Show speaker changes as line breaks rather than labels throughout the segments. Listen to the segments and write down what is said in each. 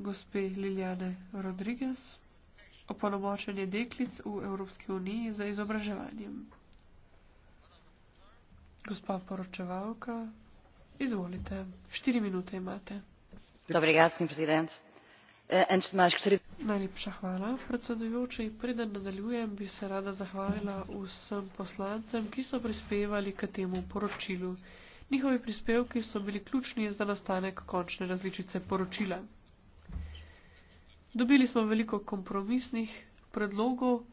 gospe Liljane Rodriguez, opolomočenje deklic v Evropski uniji za izobraževanjem. Gospa poročevalka, izvolite, štiri minute imate. Dobri, gospod predsednik. Eh, Najlepša hvala, predsedujoči. Preden nadaljujem, bi se rada zahvalila vsem poslancem, ki so prispevali k temu poročilu. Njihovi prispevki so bili ključni za nastanek končne različice poročila. Dobili smo veliko kompromisnih predlogov,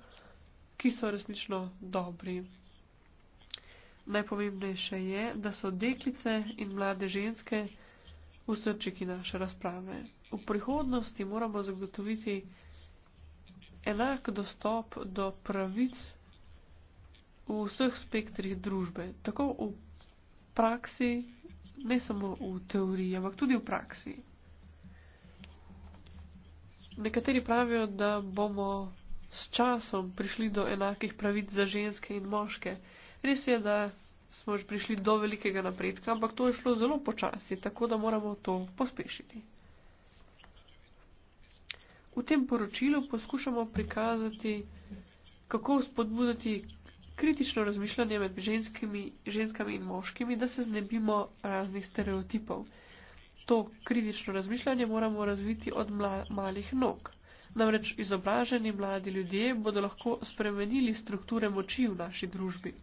ki so resnično dobri. Najpomembnejše je, da so deklice in mlade ženske v srčiki naše razprave. V prihodnosti moramo zagotoviti enak dostop do pravic v vseh spektrih družbe, tako v praksi, ne samo v teoriji, ampak tudi v praksi. Nekateri pravijo, da bomo s časom prišli do enakih pravic za ženske in moške. Res je, da smo že prišli do velikega napredka, ampak to je šlo zelo počasi, tako da moramo to pospešiti. V tem poročilu poskušamo prikazati, kako spodbuditi kritično razmišljanje med ženskimi, ženskami in moškimi, da se znebimo raznih stereotipov to kritično razmišljanje moramo razviti od mla, malih nog. Namreč izobraženi mladi ljudje bodo lahko spremenili strukture moči v naši družbi.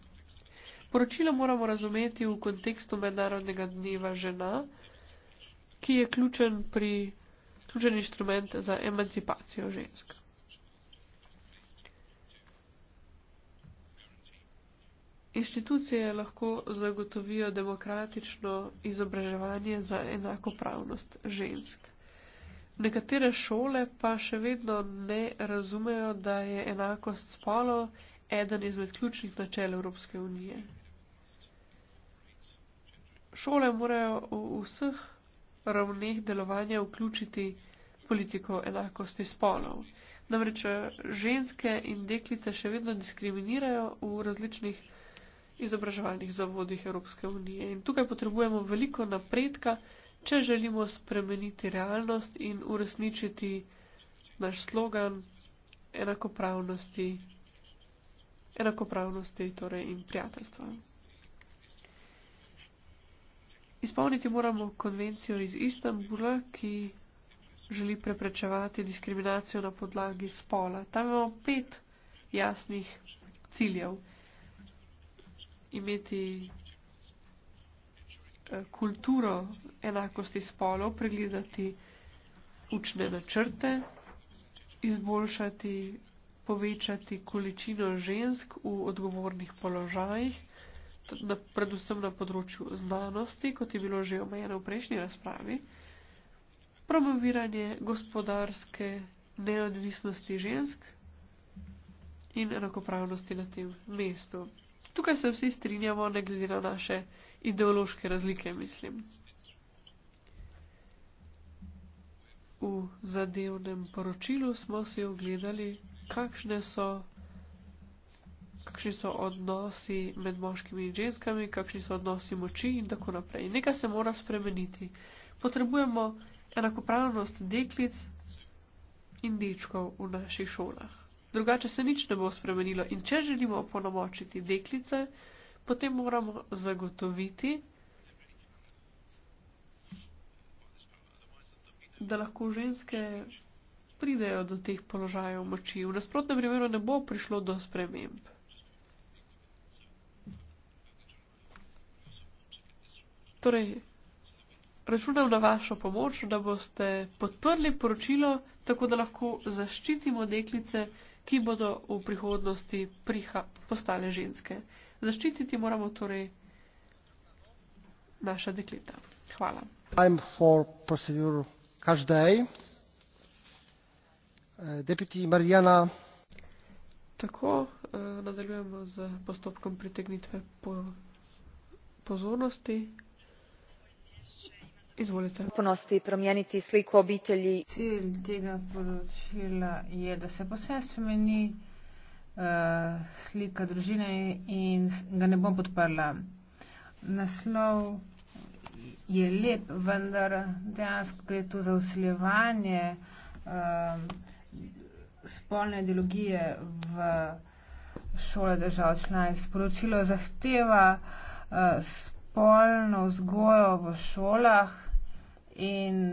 Poročilo moramo razumeti v kontekstu mednarodnega dneva žena, ki je ključen, pri, ključen inštrument za emancipacijo žensk. Inštitucije lahko zagotovijo demokratično izobraževanje za enakopravnost žensk. Nekatere šole pa še vedno ne razumejo, da je enakost spolov eden izmed ključnih načel Evropske unije. Šole morajo v vseh ravneh delovanja vključiti politiko enakosti spolov. Namreč ženske in deklice še vedno diskriminirajo v različnih izobraževalnih zavodih Evropske unije. In tukaj potrebujemo veliko napredka, če želimo spremeniti realnost in uresničiti naš slogan enakopravnosti, enakopravnosti torej in prijateljstva. Izpolniti moramo konvencijo iz Istanbula, ki želi preprečevati diskriminacijo na podlagi spola. Tam imamo pet jasnih ciljev imeti eh, kulturo enakosti spolov, pregledati učne načrte, izboljšati, povečati količino žensk v odgovornih položajih, na, predvsem na področju znanosti, kot je bilo že omejeno v prejšnji razpravi, promoviranje gospodarske neodvisnosti žensk in enakopravnosti na tem mestu. Tukaj se vsi strinjamo, ne glede na naše ideološke razlike, mislim. V zadevnem poročilu smo si ogledali, kakšne so, kakšni so odnosi med moškimi in ženskami, kakšni so odnosi moči in tako naprej. Nekaj se mora spremeniti. Potrebujemo enakopravnost deklic in dečkov v naših šolah drugače se nič ne bo spremenilo. In če želimo opolnomočiti deklice, potem moramo zagotoviti, da lahko ženske pridejo do teh položajev moči. V nasprotnem primeru ne bo prišlo do sprememb. Torej, računam na vašo pomoč, da boste podprli poročilo, tako da lahko zaščitimo deklice ki bodo v prihodnosti priha, postale ženske. Zaščititi moramo torej naša dekleta. Hvala. Eh, Tako eh, nadaljujemo z postopkom pritegnitve po
pozornosti cilj tega poročila je da se povsem spremeni eh, slika družine in ga ne bom podprla naslov je lep vendar dejansko gre tu za usiljevanje eh, spolne ideologije v šole držav članic poročilo zahteva eh, spolno vzgojo v šolah in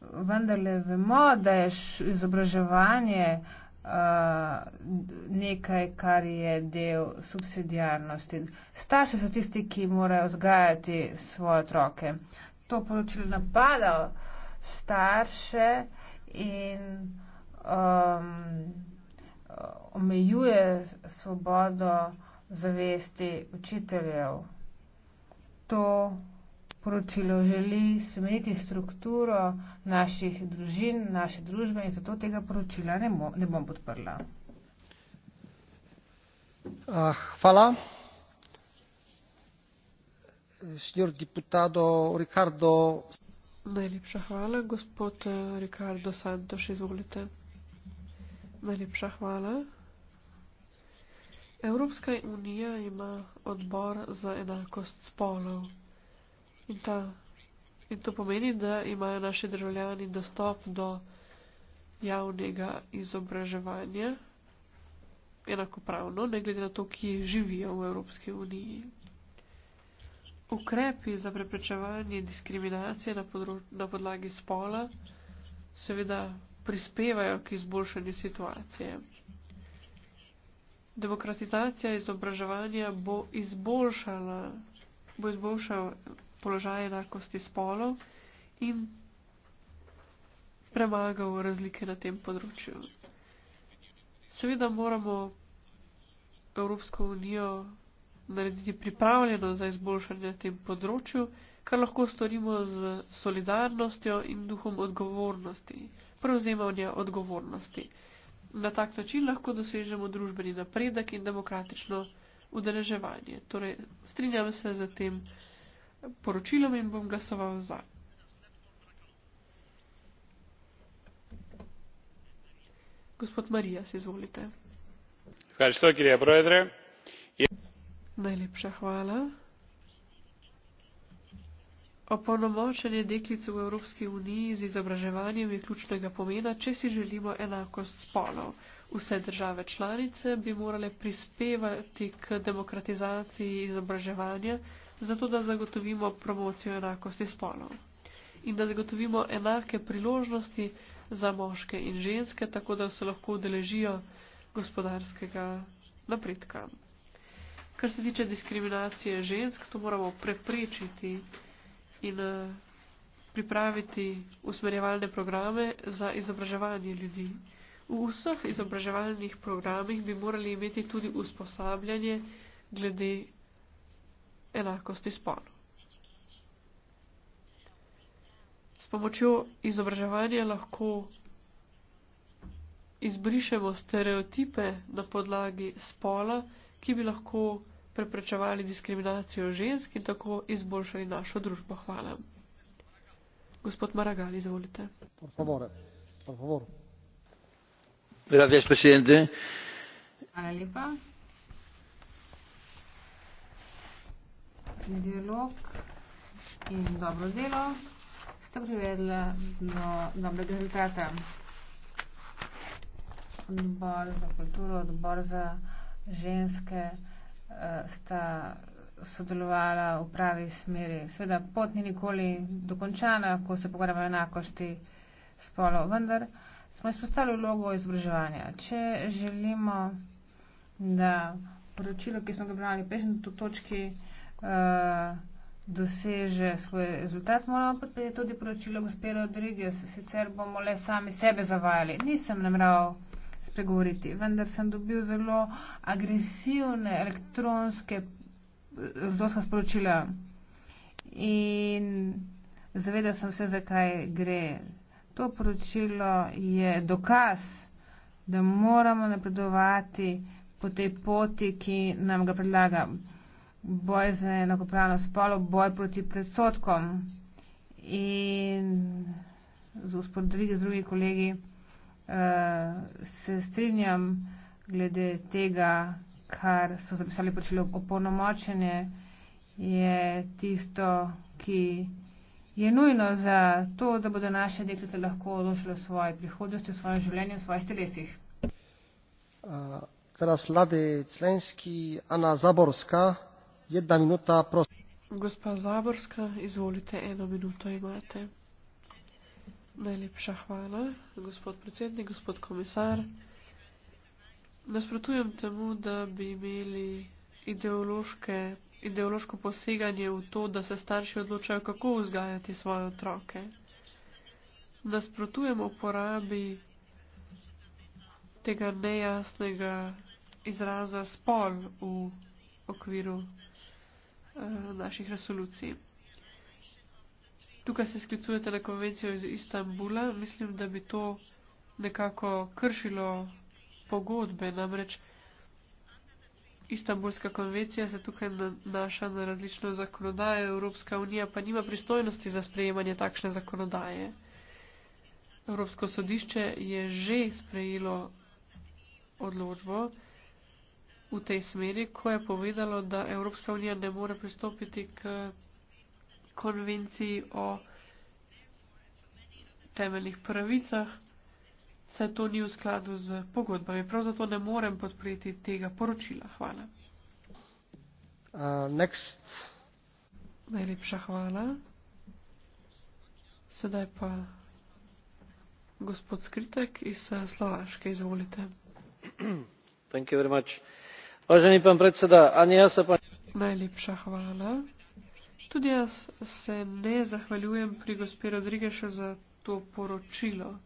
vendarle vemo, da je izobraževanje uh, nekaj, kar je del subsidijarnosti. Starši so tisti, ki morajo vzgajati svoje otroke. To poročilo napada starše in um, omejuje svobodo zavesti učiteljev. To poročilo želi spremeniti strukturo naših družin, naše družbe in zato tega poročila ne, mo ne bom podprla. Uh, hvala. Signor deputado Ricardo.
Najlepša hvala. Gospod eh, Ricardo Santos, izvolite. Najlepša hvala. Evropska unija ima odbor za enakost spolov. In, ta, in to pomeni, da imajo naši državljani dostop do javnega izobraževanja enakopravno, ne glede na to, ki živijo v Evropski uniji. Ukrepi za preprečevanje diskriminacije na, na podlagi spola seveda prispevajo k izboljšanju situacije. Demokratizacija izobraževanja bo izboljšala, bo izboljšala položaj enakosti spolov in premagal razlike na tem področju. Seveda moramo Evropsko unijo narediti pripravljeno za izboljšanje na tem področju, kar lahko storimo z solidarnostjo in duhom odgovornosti, prevzemanja odgovornosti. Na tak način lahko dosežemo družbeni napredek in demokratično udeleževanje. Torej, strinjam se z tem poročilom in bom glasoval za. Gospod Marijas, izvolite. Hvala što, kjer je projedre. Najlepša hvala. Opolnomočenje deklic v Evropski uniji z izobraževanjem je ključnega pomena, če si želimo enakost spolov. Vse države članice bi morale prispevati k demokratizaciji izobraževanja zato da zagotovimo promocijo enakosti spolov in da zagotovimo enake priložnosti za moške in ženske, tako da se lahko udeležijo gospodarskega napredka. Kar se tiče diskriminacije žensk, to moramo preprečiti in eh, pripraviti usmerjevalne programe za izobraževanje ljudi. V vseh izobraževalnih programih bi morali imeti tudi usposabljanje glede enakosti spolov. S pomočjo izobraževanja lahko izbrišemo stereotipe na podlagi spola, ki bi lahko preprečevali diskriminacijo žensk in tako izboljšali našo družbo. Hvala. Gospod Maragal, izvolite. Por
favor, por favor.
Gracias, presidente.
Hvala lepa. dialog in dobro delo sta privedla do dobrega rezultata. Odbor za kulturo, odbor za ženske eh, sta sodelovala v pravi smeri. Sveda pot ni nikoli dokončana, ko se pogovarjamo enakosti spolov, vendar smo izpostavili vlogo izobraževanja. Če želimo, da poročilo, ki smo ga brali prejšnji točki, Eh, doseže svoj rezultat, moramo podpreti tudi poročilo gospe Rodriguez, sicer bomo le sami sebe zavajali. Nisem namreval spregovoriti, vendar sem dobil zelo agresivne elektronske rodovska sporočila in zavedel sem se, zakaj gre. To poročilo je dokaz, da moramo napredovati po tej poti, ki nam ga predlagam boj za enakopravnost spolov, boj proti predsotkom. In z usporedbi z drugimi kolegi uh, se strinjam glede tega, kar so zapisali počelo opolnomočenje, je tisto, ki je nujno za to, da bodo naše deklice lahko odločile o svoji prihodnosti, o svojem življenju, o svojih telesih. Uh, teraz Lady Clenski, Ana Zaborska. Jedna minuta, prosim.
Gospa Zaborska, izvolite, eno minuto imate. Najlepša hvala, gospod predsednik, gospod komisar. Nasprotujem temu, da bi imeli ideološke, ideološko poseganje v to, da se starši odločajo, kako vzgajati svoje otroke. Nasprotujem uporabi tega nejasnega izraza spol v okviru uh, naših resolucij. Tukaj se sklicujete na konvencijo iz Istanbula. Mislim, da bi to nekako kršilo pogodbe. Namreč Istanbulska konvencija se tukaj nanaša na različno zakonodajo, Evropska unija pa nima pristojnosti za sprejemanje takšne zakonodaje. Evropsko sodišče je že sprejelo odločbo v tej smeri, ko je povedalo, da Evropska unija ne more pristopiti k konvenciji o temeljnih pravicah, se to ni v skladu z pogodbami. Prav zato ne morem podpreti tega poročila. Hvala.
Uh, next.
Najlepša hvala. Sedaj pa gospod Skritek iz Slovaške. Izvolite. Thank you very much. Vážený pán predseda, ani ja sa pani... Najlepšia chvála. Tudi ja sa nezahvaľujem pri gospie Rodrigueša za to poročilo.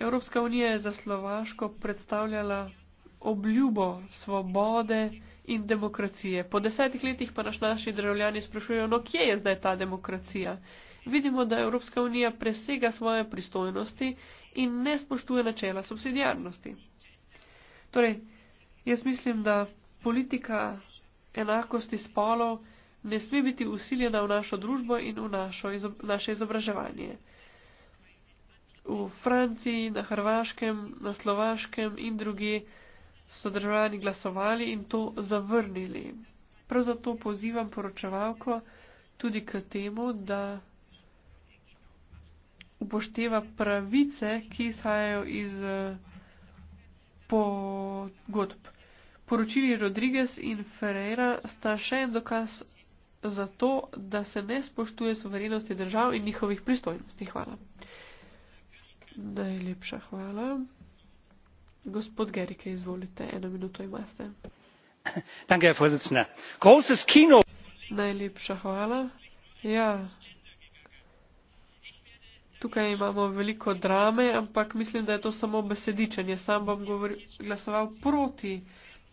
Európska únia je za Slováško predstavljala obľubo svobode in demokracije. Po desetih letih pa naš naši državljani sprašujejo, no kje je zdaj ta demokracija? Vidimo, da Európska unija presega svoje pristojnosti in ne spoštuje načela subsidiarnosti. Torej, Jaz mislim, da politika enakosti spolov ne sme biti usiljena v našo družbo in v našo izob naše izobraževanje. V Franciji, na Hrvaškem, na Slovaškem in drugi so državljani glasovali in to zavrnili. Prav zato pozivam poročevalko tudi k temu, da upošteva pravice, ki izhajajo iz uh, pogodb. Poročili Rodriguez in Ferreira sta še en dokaz za to, da se ne spoštuje suverenosti držav in njihovih pristojnosti. Hvala. Najlepša hvala. Gospod Gerike, izvolite, eno minuto imate. Najlepša hvala. Ja. Tukaj imamo veliko drame, ampak mislim, da je to samo besedičenje. Sam bom govoril, glasoval proti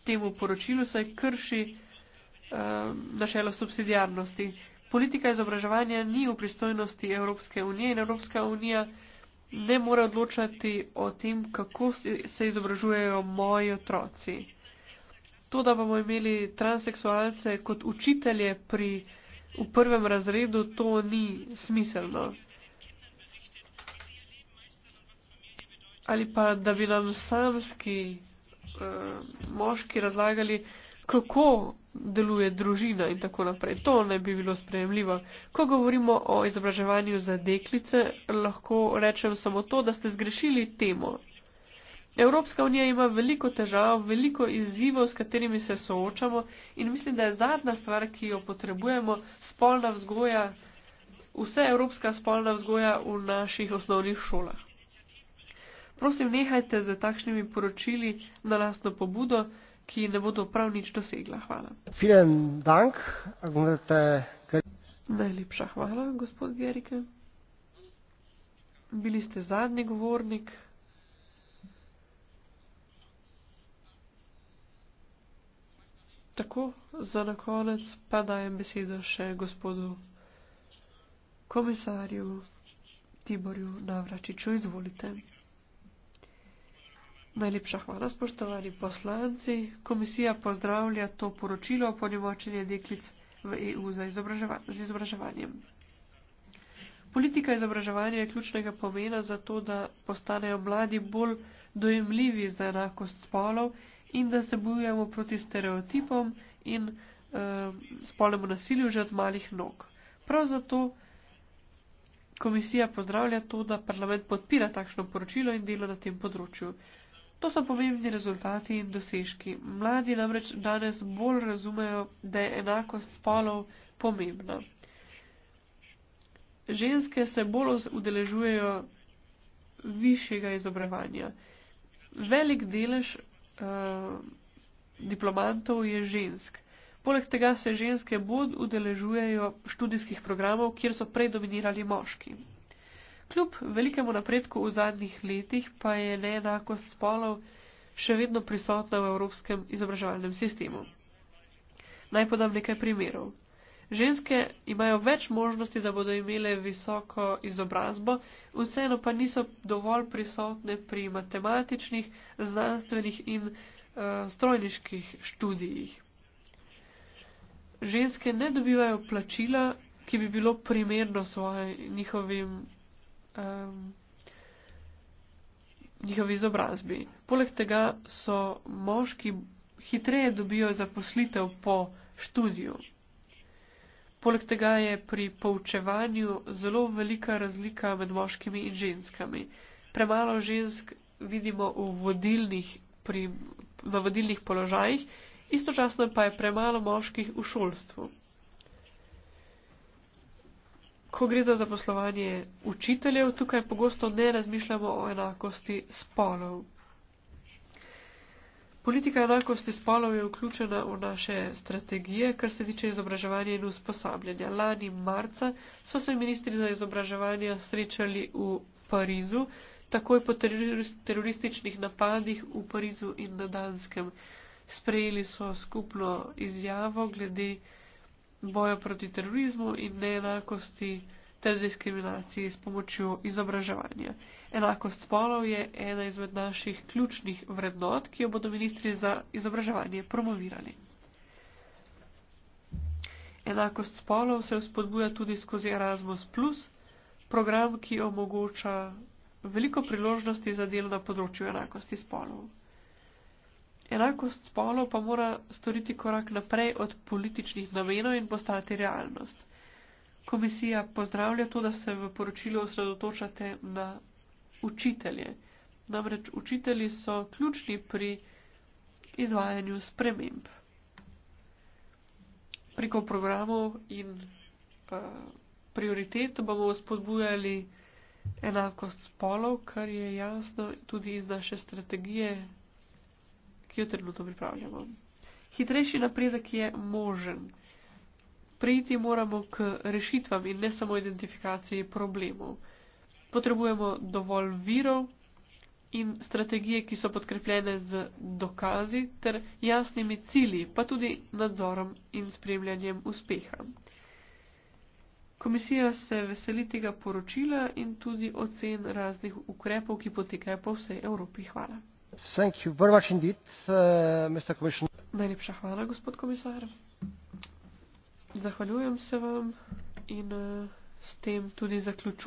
temu poročilu, saj krši uh, načelo subsidijarnosti. Politika izobraževanja ni v pristojnosti Evropske unije in Evropska unija ne more odločati o tem, kako se izobražujejo moji otroci. To, da bomo imeli transseksualce kot učitelje pri v prvem razredu, to ni smiselno. Ali pa, da bi nam samski Eh, moški razlagali, kako deluje družina in tako naprej. To ne bi bilo sprejemljivo. Ko govorimo o izobraževanju za deklice, lahko rečem samo to, da ste zgrešili temo. Evropska unija ima veliko težav, veliko izzivov, s katerimi se soočamo in mislim, da je zadnja stvar, ki jo potrebujemo, spolna vzgoja, vse evropska spolna vzgoja v naših osnovnih šolah. Prosim, nehajte z takšnimi poročili na lastno pobudo, ki ne bodo prav nič dosegla. Hvala. Dank, te... Najlepša hvala, gospod Gerike. Bili ste zadnji govornik. Tako, za na konec pa dajem besedo še gospodu komisarju Tiborju Navračiču. Izvolite. Najlepša hvala, spoštovani poslanci. Komisija pozdravlja to poročilo o ponemočenju deklic v EU za izobraževa z izobraževanjem. Politika izobraževanja je ključnega pomena za to, da postanejo mladi bolj dojemljivi za enakost spolov in da se bojujemo proti stereotipom in eh, spolnemu nasilju že od malih nog. Prav zato komisija pozdravlja to, da parlament podpira takšno poročilo in delo na tem področju. To so pomembni rezultati in dosežki. Mladi namreč danes bolj razumejo, da je enakost spolov pomembna. Ženske se bolj udeležujejo višjega izobraževanja. Velik delež uh, diplomantov je žensk. Poleg tega se ženske bolj udeležujejo študijskih programov, kjer so predominirali moški. Kljub velikemu napredku v zadnjih letih pa je neenakost spolov še vedno prisotna v evropskem izobraževalnem sistemu. Naj podam nekaj primerov. Ženske imajo več možnosti, da bodo imele visoko izobrazbo, vseeno pa niso dovolj prisotne pri matematičnih, znanstvenih in uh, strojniških študijih. Ženske ne dobivajo plačila, ki bi bilo primerno svojim njihovim um, njihovi izobrazbi. Poleg tega so moški hitreje dobijo zaposlitev po študiju. Poleg tega je pri poučevanju zelo velika razlika med moškimi in ženskami. Premalo žensk vidimo v vodilnih, pri, v vodilnih položajih, istočasno pa je premalo moških v šolstvu ko gre za zaposlovanje učiteljev, tukaj pogosto ne razmišljamo o enakosti spolov. Politika enakosti spolov je vključena v naše strategije, kar se tiče izobraževanja in usposabljanja. Lani marca so se ministri za izobraževanje srečali v Parizu, takoj po terorističnih napadih v Parizu in na Danskem. Sprejeli so skupno izjavo glede boja proti terorizmu in neenakosti ter diskriminaciji s pomočjo izobraževanja. Enakost spolov je ena izmed naših ključnih vrednot, ki jo bodo ministri za izobraževanje promovirali. Enakost spolov se vzpodbuja tudi skozi Erasmus, program, ki omogoča veliko priložnosti za delo na področju enakosti spolov. Enakost spolov pa mora storiti korak naprej od političnih namenov in postati realnost. Komisija pozdravlja to, da se v poročilu osredotočate na učitelje. Namreč učitelji so ključni pri izvajanju sprememb. Preko programov in prioritet bomo spodbujali enakost spolov, kar je jasno tudi iz naše strategije ki jo trenutno pripravljamo. Hitrejši napredek je možen. Prejiti moramo k rešitvam in ne samo identifikaciji problemov. Potrebujemo dovolj virov in strategije, ki so podkrepljene z dokazi ter jasnimi cilji, pa tudi nadzorom in spremljanjem uspeha. Komisija se veseli tega poročila in tudi ocen raznih ukrepov, ki potekajo po vsej Evropi. Hvala.
Thank you very much indeed, uh, Mr. Commissioner.
Najlepša hvala, gospod komisar. Zahvaljujem se vam in uh, s tem tudi zaključujem.